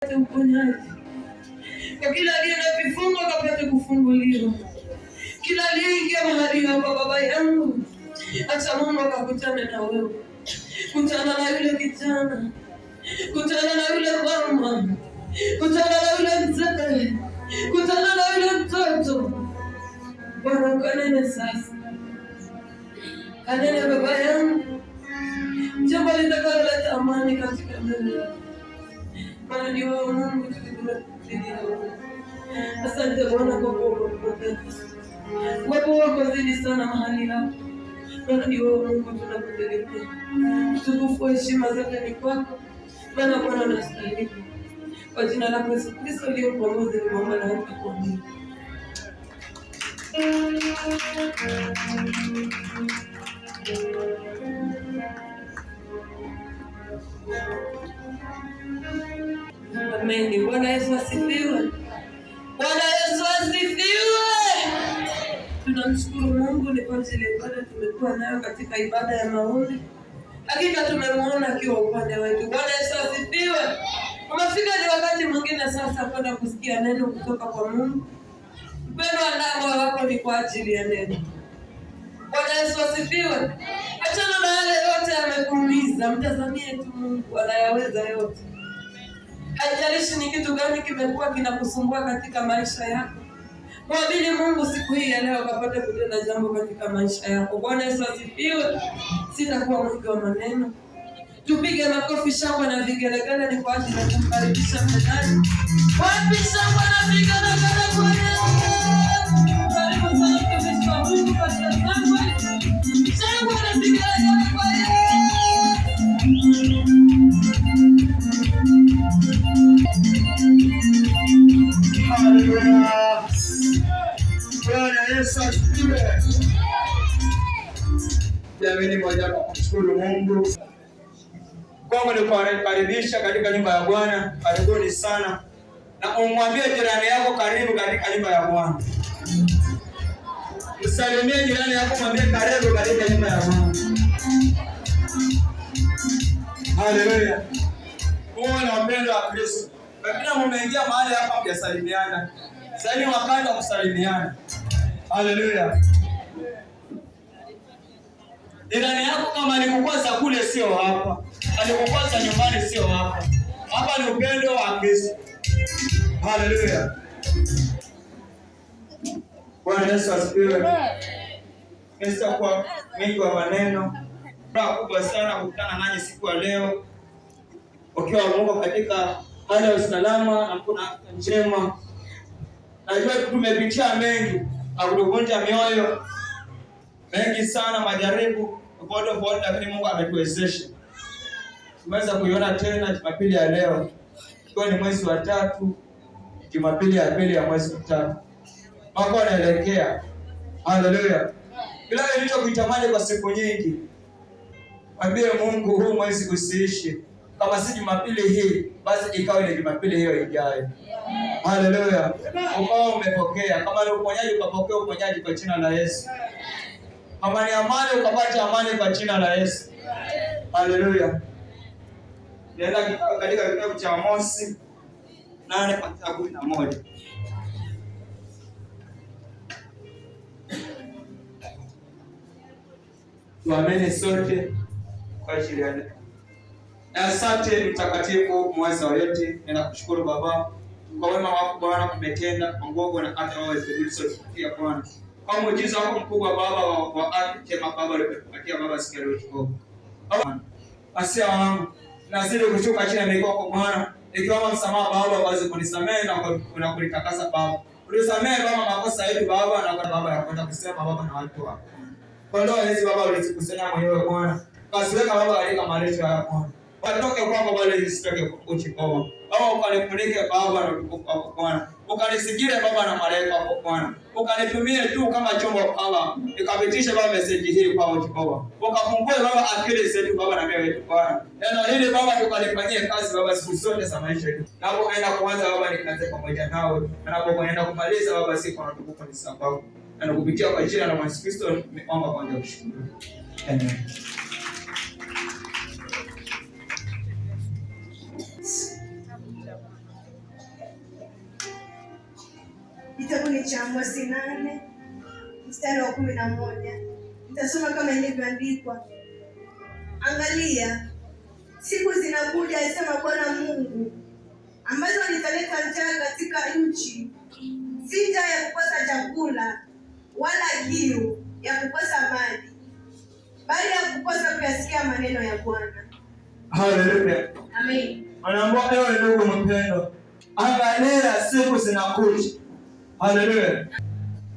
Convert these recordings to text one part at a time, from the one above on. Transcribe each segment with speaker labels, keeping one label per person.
Speaker 1: Uponyaji kwa kila aliye na vifungo akapate kufunguliwa, kila aliyeingia mahali hapa baba yangu, acha Mungu akakutana na wewe, kutana na yule kijana, kutana na yule mama, kutana na yule mzee, kutana na yule mtoto. Bwana kanene sasa, kanene baba yangu, jambo litakaloleta amani katika mioyo maana ni wewe Mungu Asante Bwana kwa uwepo wako zidi sana mahali hapa, maana wewe Mungu tunakutegemea. Utukufu heshima zote ni kwako, maana Bwana Kwa jina Yesu Kristo mkombozi, na hapa kwa mimi mengi. Bwana Yesu asifiwe. Bwana Yesu asifiwe. Tunamshukuru Mungu ni kwa ajili ya ibada tumekuwa nayo katika ibada ya maombi. Hakika tumemwona akiwa upande wetu. Bwana Yesu asifiwe. Umefika ni wakati mwingine sasa kwenda kusikia neno kutoka kwa Mungu. wa ndama wako ni kwa ajili ya neno. Bwana Yesu asifiwe. Achana na yale yote yamekuumiza, mtazamie tu Mungu anayaweza yote haijalishi ni kitu gani kimekuwa kinakusumbua katika maisha yako. mwabili Mungu siku hii ya leo akapate kutenda jambo katika maisha yako. Bwana Yesu asifiwe. Sitakuwa mwingi wa maneno. Tupige makofi shangwe na vigelegele ni kwa ajili ya kumkaribisha mwendaji. Wapi shangwe na vigelegele kwa Yesu. Karibu sana kwa Mungu kwa shangwe. Shangwe na vigelegele. Yesu asifiwe. Jamani, moja kwa kumshukuru Mungu kwangu ni katika nyumba ya Bwana. Karibuni sana, na umwambie jirani yako karibu katika nyumba ya Bwana. Msalimie jirani yako, mwambie karibu katika nyumba ya Bwana. Haleluya. Uwe na upendo wa Kristo. Lakini mumeingia mahali hapa mjasalimiana. Sasa ni wakati wa kusalimiana. Haleluya. Jirani yako kama alikukwaza kule, sio hapa. Alikukwaza nyumbani, sio hapa. Hapa ni upendo wa Kristo. Haleluya. Bwana Yesu asifiwe. Pesa kwa mengi wa maneno furaha kubwa sana kukutana nanyi siku ya leo, ukiwa Mungu katika hali ya usalama na kuna njema. Najua tumepitia mengi hakutuvunja mioyo. Mengi sana majaribu tofauti tofauti, lakini Mungu ametuwezesha. Tumeweza kuiona tena Jumapili ya leo, ikiwa ni mwezi wa tatu, Jumapili ya pili ya mwezi wa tatu, mwaka unaelekea. Haleluya! Kila kuitamani kwa siku nyingi, mwambie Mungu, huu mwezi usiishi kama si Jumapili hii, basi ikawe ni Jumapili hiyo ijayo. Haleluya. Ukao umepokea. Kama ni uponyaji ukapokea uponyaji kwa jina la Yesu. Kama ni amani ukapata amani kwa jina la Yesu. Haleluya. Nenda katika kitabu cha Amosi nane kuanzia kumi na moja. Tuamini sote kwa ajili ya. Asante mtakatifu mweza yote, ninakushukuru Baba kwa wema wako Bwana umetenda kwa nguvu na hata wewe zilizotufikia Bwana. Kwa mujiza wako mkubwa Baba wa wa ardhi tena Baba ulipotupatia Baba sikia leo tuko. Asia wangu nazidi kushuka chini na yako Bwana. Nikiomba msamaha Baba basi kunisamehe na kunitakasa Baba. Unisamehe Baba makosa yetu Baba na kwa Baba yakwenda kusema Baba na watu wako. Kwa ndoa hizi Baba ulizikusanya mwenyewe Bwana. Kasiweka Baba alika marejesho ya Bwana watoke kwako Bwana, ili sitoke kukuchi Baba au ukanipeleke Baba na mtukufu wako Bwana, ukanisigile Baba na malaika wako Bwana, ukanitumie tu kama chombo Baba, nikapitishe Baba meseji hii kwa wote Baba, ukafungue Baba akili zetu Baba na mioyo yetu Bwana, neno hili Baba tukalifanyie kazi Baba siku zote za maisha yetu, napoenda kuanza Baba nikaanze pamoja nawe, napoenda kumaliza Baba siku na tukufu ni sababu, na kupitia kwa jina la Yesu Kristo nimeomba kwa kushukuru, amen.
Speaker 2: Kitabu ni cha Amosi nane mstari wa kumi na moja. Nitasoma kama ilivyoandikwa. Angalia, siku zinakuja, alisema Bwana Mungu, ambazo nitaleta njaa katika nchi, si njaa ya kukosa chakula wala kiu ya kukosa maji, bali ya kukosa kuyasikia maneno ya Bwana.
Speaker 1: Haleluya, amen. Anaambia ewe ndugu mpendwa, angalia, siku zinakuja Haleluya!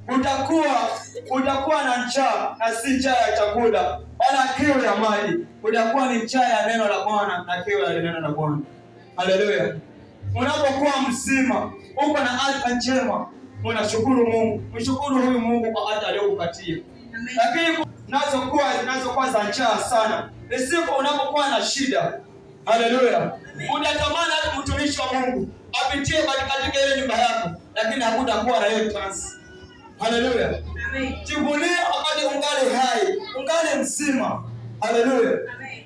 Speaker 1: Utakuwa utakuwa na njaa na si njaa ya chakula wala kiu ya maji, utakuwa ni njaa ya neno la Bwana na kiu ya neno la Bwana. Haleluya! Unapokuwa mzima uko na afya njema, unashukuru Mungu, mshukuru huyu Mungu kwa hata aliyokupatia. Lakini nazokuwa zinazokuwa za njaa sana, ni unapokuwa na shida Haleluya. Unatamani hata mtumishi wa Mungu apitie katika ile nyumba yako, lakini hakutakuwa na hiyo chance. Haleluya. Jivunie wakati ungali hai, ungali mzima. Haleluya.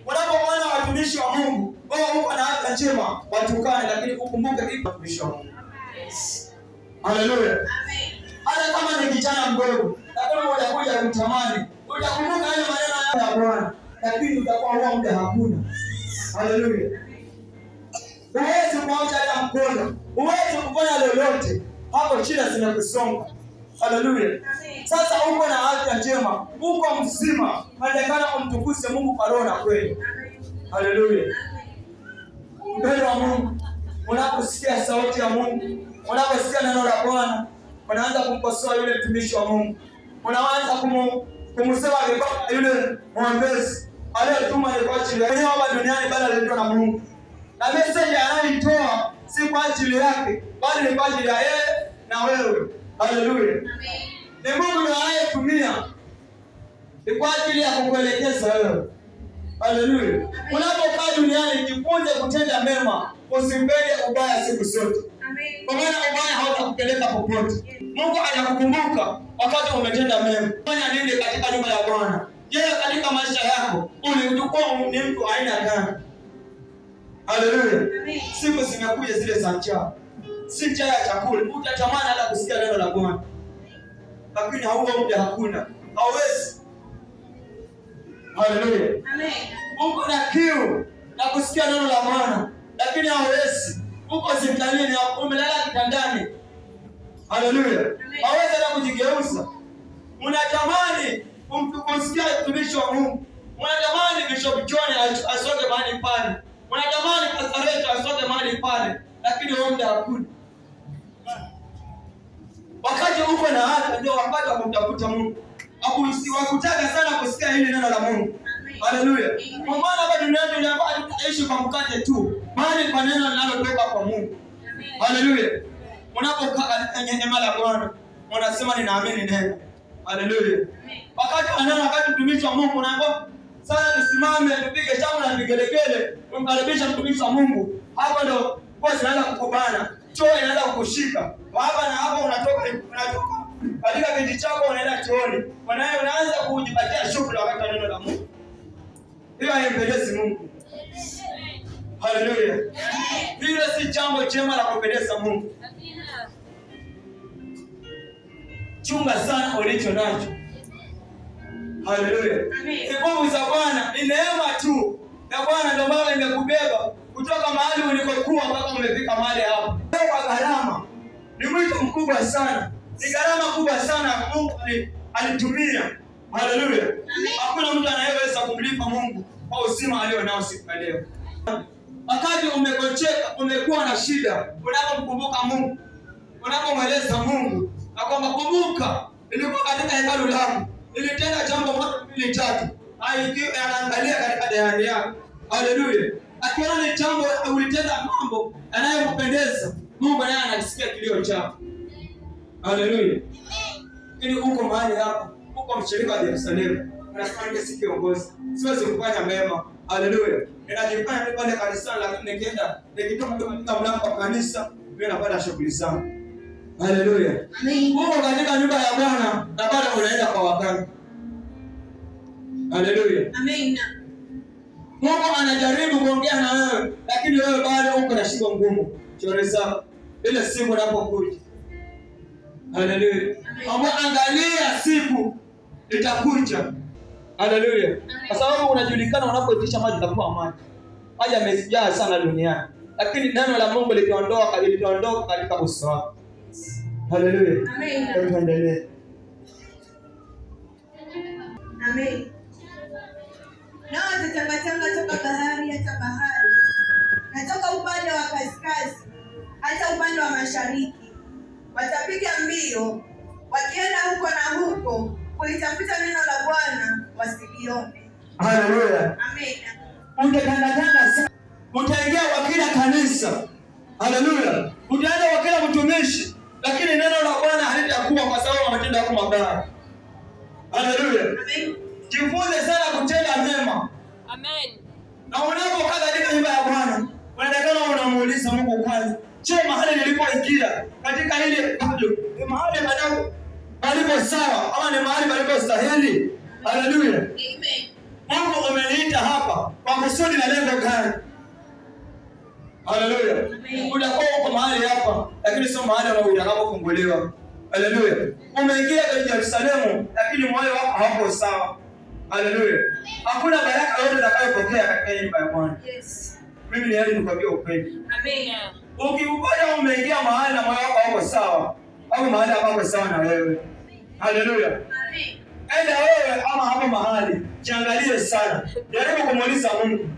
Speaker 1: Unapoona watumishi wa Mungu, wao huko na afya njema, watukane lakini ukumbuke ipo watumishi wa Mungu. Haleluya. Hata kama ni kijana mdogo, lakini unakuja kumtamani, utakumbuka yale maneno ya Bwana, lakini utakuwa huo muda hakuna. Haleluya. Huwezi kuacha hata mkono, huwezi kufanya lolote, hapo shida zinakusonga. Haleluya. Sasa uko na afya njema, uko mzima, natakana umtukuze Mungu kwa roho na kweli. Haleluya. Mpendo wa Mungu, unaposikia sauti ya Mungu, unaposikia neno la Bwana, unaanza kumkosoa yule mtumishi wa Mungu, unaanza kumusema vibaya yule mwombezi aliyotuma ni kwa ajili yake hapa duniani, bali alitoa na Mungu, na message anayoitoa si kwa ajili yake, bali ni kwa ajili ya yeye na wewe. Haleluya, amen. Ni Mungu ndiye anayetumia, ni kwa ajili ya kukuelekeza wewe. Haleluya, unapokaa duniani jifunze kutenda mema, usimbele ubaya siku zote, kwa maana ubaya hautakupeleka popote. Mungu anakukumbuka wakati umetenda mema. Fanya nini katika nyumba ya Bwana? Yeye katika maisha yako ulimchukua ni mtu aina gani? Haleluya. Siku zimekuja zile za njaa, si njaa ya chakula, utatamani hata kusikia neno la Bwana, lakini hauna muda, hakuna, hauwezi. Haleluya. Uko na kiu na kusikia neno la Bwana, lakini hauwezi. Uko hospitalini, umelala kitandani. Haleluya. Hauwezi hata kujigeuza, unatamani kumsikia mtumishi wa Mungu. Unatamani Bishop John asonge mahali pale, unatamani Pastor Rachel asote mahali pale, lakini wewe muda hakuna. Wakati uko na hata ndio wapata kumtafuta Mungu. Akusi Wakutaka sana kusikia hili neno la Mungu. Haleluya. Kwa maana hapa duniani tunafaa tutaishi kwa mkate tu, bali kwa neno linalotoka kwa Mungu. Haleluya. Unapokaa katika hema la Bwana, unasema ninaamini neno. Haleluya. Wakati anana wakati mtumishi wa Mungu naambiwa sasa tusimame tupige shangwe na vigelegele kumkaribisha mtumishi wa Mungu. Hapo ndo kwa zinaanza kukubana. Choo inaanza kukushika. Hapa na hapo unatoka unatoka katika kiti chako unaenda chooni. Wanaye unaanza kujipatia shughuli wakati wa neno la Mungu. Hiyo haimpendezi Mungu. Haleluya. Hilo si jambo jema la kupendeza Mungu. chunga sana ulicho nacho. Haleluya! Nguvu za Bwana ni neema tu na Bwana ndio Baba imekubeba kutoka mahali ulikokuwa mpaka umefika mahali hapo. Kwa gharama ni mwito mkubwa sana, ni gharama kubwa sana Mungu alitumia. Haleluya! Hakuna mtu anayeweza kumlipa Mungu kwa uzima alionao siku ya leo. Wakati umegocheka, umekuwa na shida, unapomkumbuka Mungu, unapomweleza Mungu na kwamba kumbuka, ilikuwa katika hekalu langu, ilitenda jambo moja mbili tatu. Anaangalia katika dayari yako, haleluya, akiona ni jambo ulitenda mambo yanayokupendeza Mungu, naye anasikia kilio chako, haleluya. Lakini uko mahali hapo, uko mshirika wa Yerusalemu, unasema si kiongozi, siwezi kufanya mema, haleluya, ninajifanya pale kanisani, lakini nikienda nikitoka mlango wa kanisa mimi napata shughuli zangu Haleluya. Uko katika nyumba ya Bwana na bado unaenda kwa waganga. Haleluya. Amen. Mungu anajaribu kuongea na wewe lakini wewe bado uko na shingo ngumu. Choreza ile siku inapokuja. Haleluya. Ambapo angalia siku itakuja. Haleluya. Kwa sababu unajulikana unapoitisha maji na kuwa maji. Maji yamejaa sana duniani. Lakini neno la Mungu litaondoka litaondoka katika uso wako. Haleluya. Amen. Tuendelee.
Speaker 2: Amen. Nao watatangatanga toka bahari hata bahari na toka upande wa kaskazini hata upande wa mashariki, watapiga mbio wakienda huko na huko kulitafuta neno la Bwana wasilione.
Speaker 1: Haleluya. Amen. Ungetangatanga sana, utaingia wakila kanisa. Haleluya. Utaenda wakila mtumishi lakini neno la Bwana halitakuwa kwa sababu wametenda kwa mabaya. Haleluya, jifunze sana kutenda mema. Amen. Na unapokaa katika nyumba ya Bwana unatakana unamuuliza Mungu kwanza, je, mahali nilipoingia katika ile bado ni mahali bado palipo sawa ama ni mahali palipo stahili? Haleluya, amen. Mungu umeniita hapa kwa kusudi na lengo gani? Haleluya. Unakuwa uko mahali hapa lakini sio mahali ambapo utakapofunguliwa. Haleluya. Umeingia kwenye Yerusalemu lakini moyo wako hauko sawa. Haleluya. Hakuna baraka yote utakayopokea katika nyumba ya Bwana. Yes. Mimi ni nikwambia ukweli. Amen. Ukikubali umeingia mahali na moyo wako hauko sawa, au mahali hapo sawa na wewe. Haleluya. Amen. Enda wewe ama hapo mahali, jiangalie sana. Jaribu kumuuliza Mungu.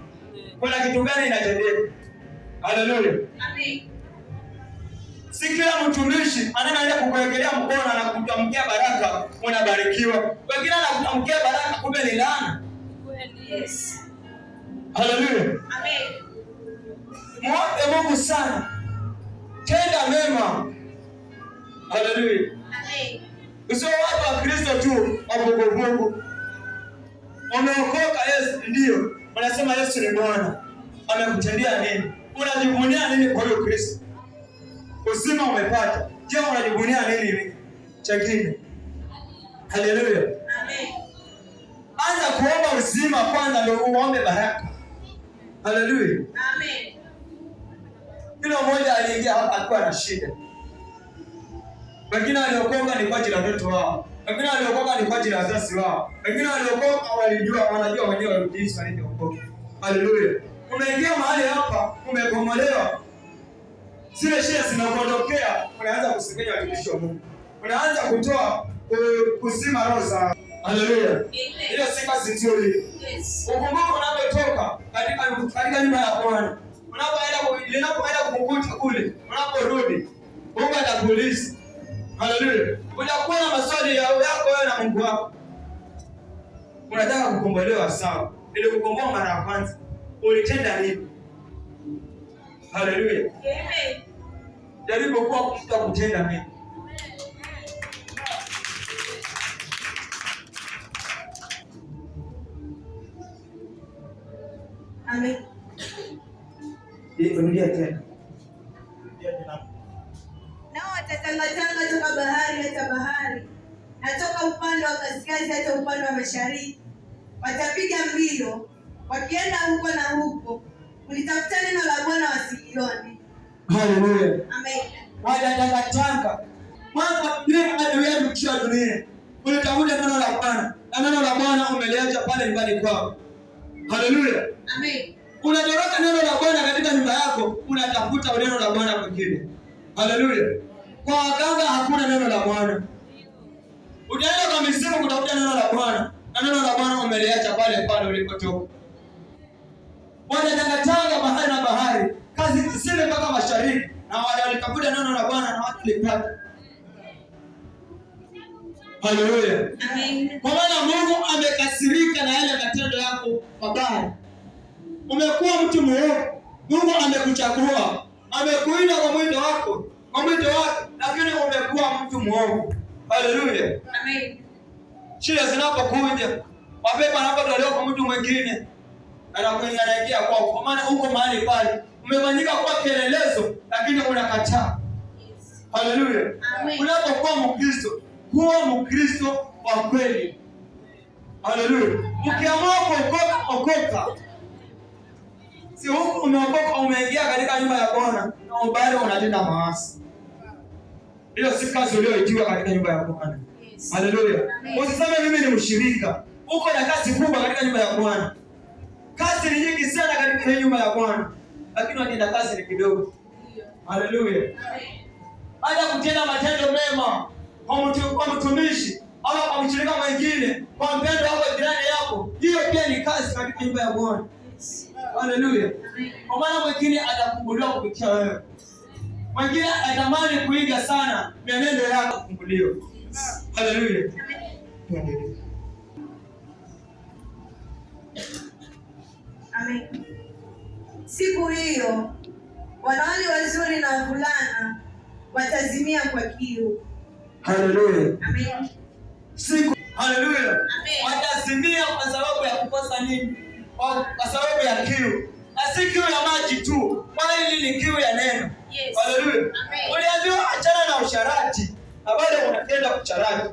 Speaker 1: Kuna kitu gani inatendeka? Haleluya. Amen. Si kila mtumishi anaenda kukuwekelea mkono na kutamkia baraka unabarikiwa. Wengine anakutamkia baraka kumbe ni laana. Yes. Haleluya. Amen. Muombe Mungu sana. Tenda mema. Haleluya. Amen. Sio watu wa Kristo tu wavuguvugu. Umeokoka Yesu ndio. Wanasema Yesu ni Bwana. Amekutendea nini? unajivunia nini? Kwa hiyo Kristo uzima umepata. Je, unajivunia nini chengine? Haleluya, amen. Anza kuomba uzima kwanza, ndio uombe baraka. Haleluya, amen. Kila mmoja aliingia hapa alikuwa na shida. Wengine waliokoka ni kwa ajili ya watoto wao, wengine waliokoka ni kwa ajili ya wazazi wao, wengine waliokoka walijua, wanajua wenyewe waliokoka. Haleluya. Umeingia mahali hapa umebomolewa, zile shida zinakuondokea, unaanza kusengenya watumishi wa Mungu, unaanza kutoa kusima roho za Haleluya. Hiyo si kazi nzuri. Ukumbuko unapotoka katika katika nyumba ya Bwana. Unapoenda linapoenda kukukuta kule, unaporudi Mungu atakuuliza. Haleluya. Unakuwa na maswali yako wewe na Mungu wako. Unataka kukombolewa sawa. Ili kukomboa mara ya kwanza ulitenda nini? Haleluya,
Speaker 2: Amen.
Speaker 1: jaribu kuwa mtu kutenda mema. Amen. Rudia tena.
Speaker 2: Nao watatangatanga toka bahari hata bahari na toka upande wa kaskazini hata upande wa mashariki, watapiga mbio wakienda huko na huko, kulitafuta neno la Bwana wasilione.
Speaker 1: Haleluya, amen. Wajatangachanga mwaka yetu kwa dunia ulitafuta neno la Bwana na neno la Bwana umeliacha pale nyumbani kwao. Haleluya, amen. Unatoroka neno la Bwana katika nyumba yako, unatafuta neno la Bwana kwingine. Haleluya. Kwa waganga hakuna neno la Bwana. Unaenda kwa misimu kutafuta neno la Bwana na neno la Bwana umeliacha pale pale ulipotoka wanatangatanga bahari na bahari, kazi kisile mpaka mashariki, na wale walikabuda neno la Bwana na watu walipata. Haleluya, amen. Kwa maana Mungu amekasirika na yale matendo yako mabaya. Umekuwa mtu mwovu, Mungu amekuchagua, amekuinda kwa mwito wako, kwa mwito wako, lakini umekuwa mtu mwovu. Haleluya, amen. Shida zinapokuja, mapepo yanapotolewa kwa mtu mwingine anakung'arajia kwao, kwa maana uko mahali pale umefanyika kuwa kielelezo, lakini unakataa. Haleluya! Unapokuwa Mkristo kuwa Mkristo wa kweli. Haleluya! Ukiamua kuokoka, okoka. Si huku umeokoka, umeingia katika nyumba ya Bwana na ubali unatenda maasi, hiyo si kazi uliyoitiwa katika nyumba ya Bwana. Haleluya! Usiseme mimi ni mshirika, uko na kazi kubwa katika nyumba ya Bwana. Kazi ni nyingi sana katika nyumba ya Bwana, lakini watenda kazi ni kidogo. Haleluya! hata kutenda matendo mema kwa mtu kwa mtumishi au kwa mshirika mwingine, kwa mpendo wako, jirani yako, hiyo pia ni kazi katika nyumba ya Bwana. Haleluya! kwa maana mwingine atakumbuliwa kupitia wewe, mwingine atamani kuiga sana mienendo yako, kufunguliwa. Haleluya!
Speaker 2: Amen. Siku hiyo wanawali wazuri na wavulana watazimia kwa kiu.
Speaker 1: Haleluya. Amen. Siku Haleluya. Watazimia kwa sababu ya kukosa nini? Kwa sababu ya kiu. Na si kiu ya maji tu, bali ni kiu ya neno. Yes. Haleluya. Uliambiwa achana na usharati, na bado unatenda kucharati.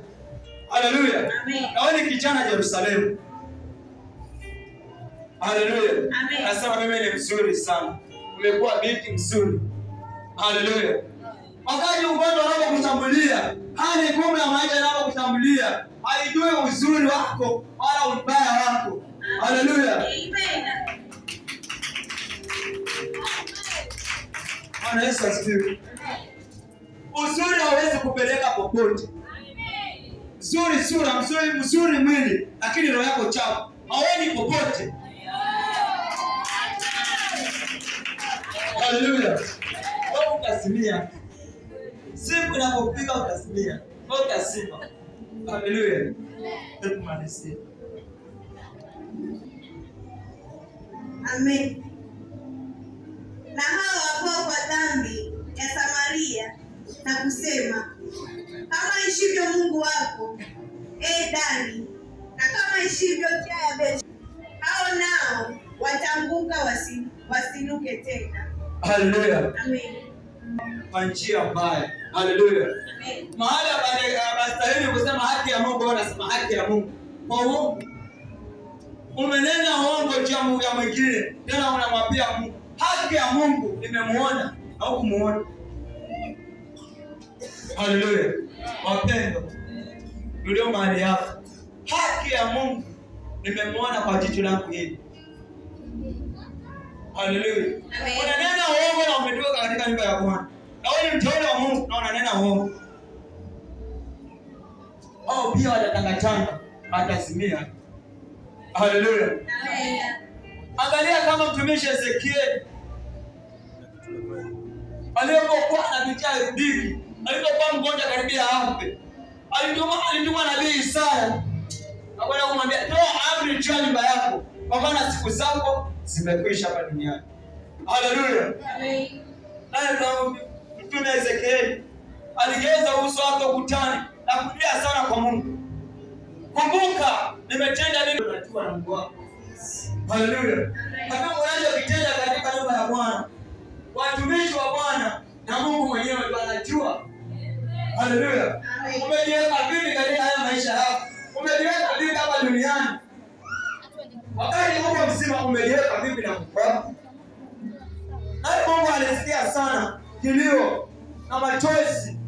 Speaker 1: Haleluya. Amen. Na wewe kijana Yerusalemu Haleluya. Nasema mimi ni mzuri sana. Umekuwa binti mzuri. Haleluya. Wakati ugonjwa unapokushambulia, hali ngumu ya maisha inapokushambulia, haijui uzuri wako wala ubaya wako. Haleluya. Bwana Yesu asifiwe. Uzuri hauwezi kupeleka popote. Amen. Mzuri sura, mzuri mzuri mwili, lakini roho yako chafu. Haweni popote. Amen. Haleluya. Wewe utasimia. Siku inapopiga Wewe Haleluya.
Speaker 2: Amen. Na hao kwa dhambi ya Samaria na kusema kama ishivyo Mungu wako e Dani, na kama ishivyo Jayabesi, hao nao watanguka wasinuke tena.
Speaker 1: Haleluya. Kwa njia mbaya. Haleluya. Mahali abastahili eh, kusema haki ya Mungu, wanasema haki ya Mungu kwa uongo. Umenena uongo juu ya Mungu ya mwingine, tena unamwambia Mungu haki ya Mungu nimemuona au kumuona. Haleluya. Wapendo, ndio mahali hapa. Haki ya Mungu nimemuona kwa jicho langu hili. Haleluya. Unanena uongo na umetoka katika nyumba ya Bwana. Na wewe ni mteule wa Mungu na unanena uongo. Au pia watatangatanga, watazimia. Haleluya.
Speaker 2: Amen.
Speaker 1: Angalia kama mtumishi Ezekiel alipokuwa anapitia Rubiki, alipokuwa mgonjwa karibia afe. Alituma alituma nabii Isaya. Akwenda kumwambia, "Toa amri juu ya nyumba yako, kwa maana siku zako zimekwisha hapa duniani. Haleluya, amen. Naye mtume Ezekieli aligeza uso wake ukutani na kulia sana kwa Mungu. Kumbuka nimetenda nini? Unajua na Mungu wako. Haleluya. Kama kitenda katika nyumba ya Bwana, watumishi wa Bwana na Mungu mwenyewe ndiye anajua. Haleluya. Umejiweka vipi katika haya maisha yako? Umejiweka vipi hapa duniani? Wakati Mungu mzima umejiweka vipi na kukwepa? Naye Mungu alisikia sana kilio na machozi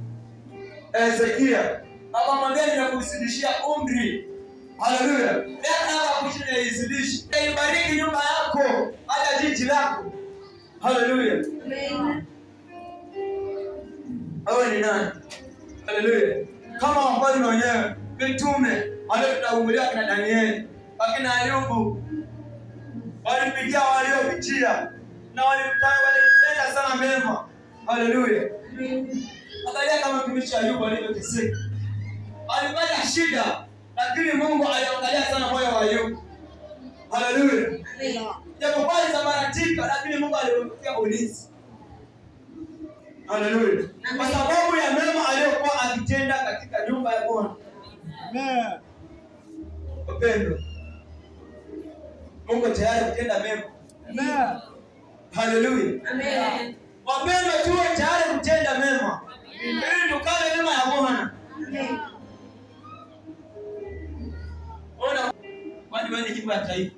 Speaker 1: Ezekia, akamwambia nimekuzidishia umri. Haleluya! Akushizidishe, ibariki nyumba yako hata jiji lako. Haleluya, awe ni nani? Haleluya, kama wafalme wenyewe, mitume, haleluya, kina Danieli wakina Ayubu walipitia waliopitia na walitenda sana mema. Haleluya! Angalia kama mtumishi Ayubu alivyoteseka, alipata shida, lakini Mungu aliangalia sana moyo wa Ayubu. Haleluya! Japokuwa alisambaratika, lakini Mungu alimtia ulinzi. Haleluya! Kwa sababu ya mema aliyokuwa akitenda katika nyumba ya Bwana. Amen. Upendo Mungu tayari kutenda mema. Amen. Haleluya.
Speaker 2: Amen.
Speaker 1: Wapendwa, tuwe tayari kutenda mema ili tukale mema ya Bwana. Amen. Ona kwani wewe ni ya taifa.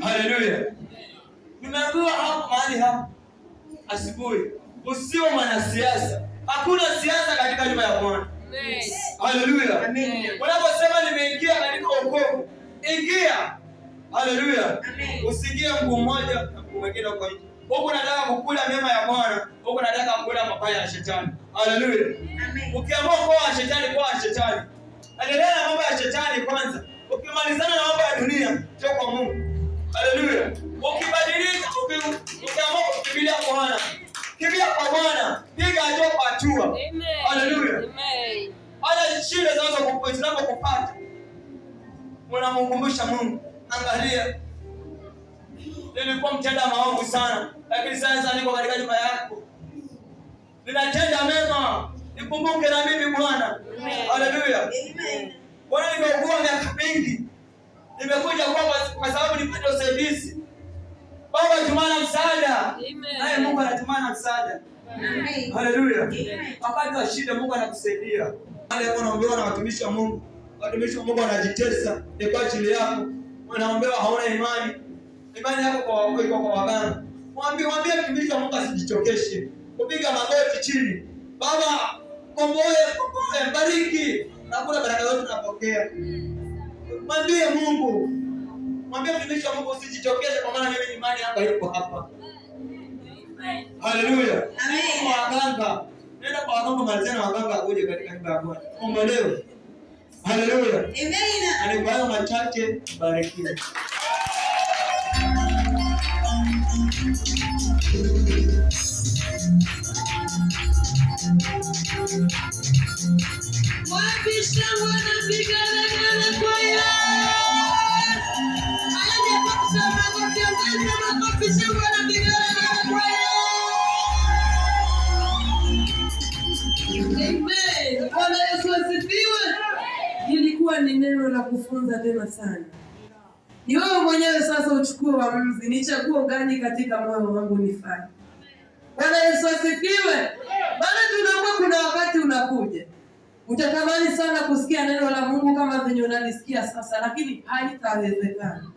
Speaker 1: Haleluya. Nimeambiwa hapo mahali hapo asubuhi, usiwe mwanasiasa. Hakuna siasa katika nyumba ya Bwana. Amen. Haleluya. Amen. Unaposema nimeingia katika wokovu, ingia Haleluya. Usikie mguu mmoja na mguu mwingine uko nje. Huko nataka kukula mema ya Bwana, huko nataka kukula mabaya ya shetani. Haleluya. Amen. Ukiamua kwa shetani kwa shetani. Endelea na mambo ya shetani kwanza. Ukimalizana na mambo ya dunia, sio kwa Mungu. Haleluya. Ukibadilika, ukiamua kukimbilia kwa Bwana. Kimbia kwa Bwana, piga hatua kwa hatua. Haleluya. Amen. Hata shida zinazokupata, unamkumbusha Mungu. Angalia, nilikuwa mtenda maovu sana, lakini sasa niko katika nyumba yako, ninatenda mema. Nikumbuke na mimi Bwana. Haleluya. Bwana, nimeugua miaka mingi, nimekuja kwa kwa sababu nipate usaidizi Baba, tumana msaada. Naye Mungu anatumana msaada. Haleluya. Wakati wa shida Mungu anakusaidia. Wale wanaombewa na watumishi wa Mungu, watumishi wa Mungu wanajitesa ni kwa ajili yako wanaombewa hauna imani. Imani yako kwa wakoi kwa wabana. Mwambie mwambie mtumishi wa Mungu asijichokeshe. Kupiga magoti chini. Baba komboe, komboe, bariki. Na kuna baraka zote tunapokea. Mwambie Mungu. Mwambie mtumishi wa Mungu usijichokeshe kwa maana mimi imani hapa ipo hapa. Haleluya. Amen. Kwa Waganga. Nenda kwa waganga malizana waganga akuje katika nyumba ya Bwana. Kombolewe. Haleluya.
Speaker 2: Amina.
Speaker 1: Anayo machache, barikiwa. Wapi shangwe kujifunza tena sana. Ni wewe mwenyewe sasa uchukue uamuzi, ni chaguo gani katika moyo wangu nifanye? Bwana Yesu asifiwe. Bwana, tunaomba kuna wakati unakuja utatamani sana kusikia neno la Mungu kama venye unalisikia sasa, lakini haitawezekana.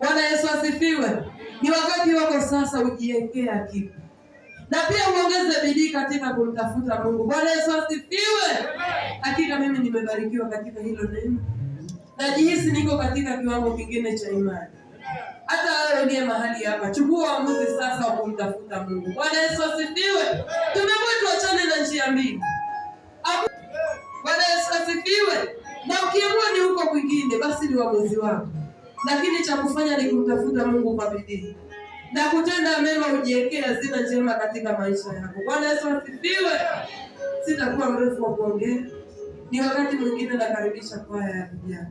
Speaker 1: Bwana Yesu asifiwe. Ni wakati wako sasa, ujiwekee akiba na pia uongeze bidii katika kumtafuta Mungu. Bwana Yesu asifiwe. Hakika mimi nimebarikiwa katika hilo neno najihisi niko katika kiwango kingine cha imani. Hata wewe uliye mahali hapa, chukua uamuzi sasa wa kumtafuta Mungu. Bwana Yesu asifiwe. Tumekuwa tuachane na njia mbili. Bwana Yesu asifiwe. Na ukiamua ni huko kwingine, basi ni uamuzi wako, lakini cha kufanya ni kumtafuta Mungu kwa bidii na kutenda mema, ujiwekee hazina njema katika maisha yako. Bwana Yesu asifiwe. Sitakuwa mrefu wa kuongea, ni wakati mwingine. Nakaribisha kwaya ya vijana.